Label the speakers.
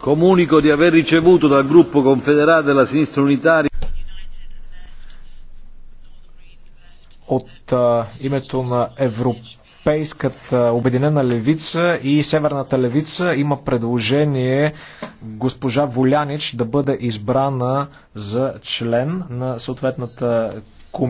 Speaker 1: Comunico di aver ricevuto dal gruppo confederale della sinistra unitaria
Speaker 2: от а, името на Европейската обединена левица и Северната левица има предложение госпожа Волянич да бъде избрана за
Speaker 3: член на съответната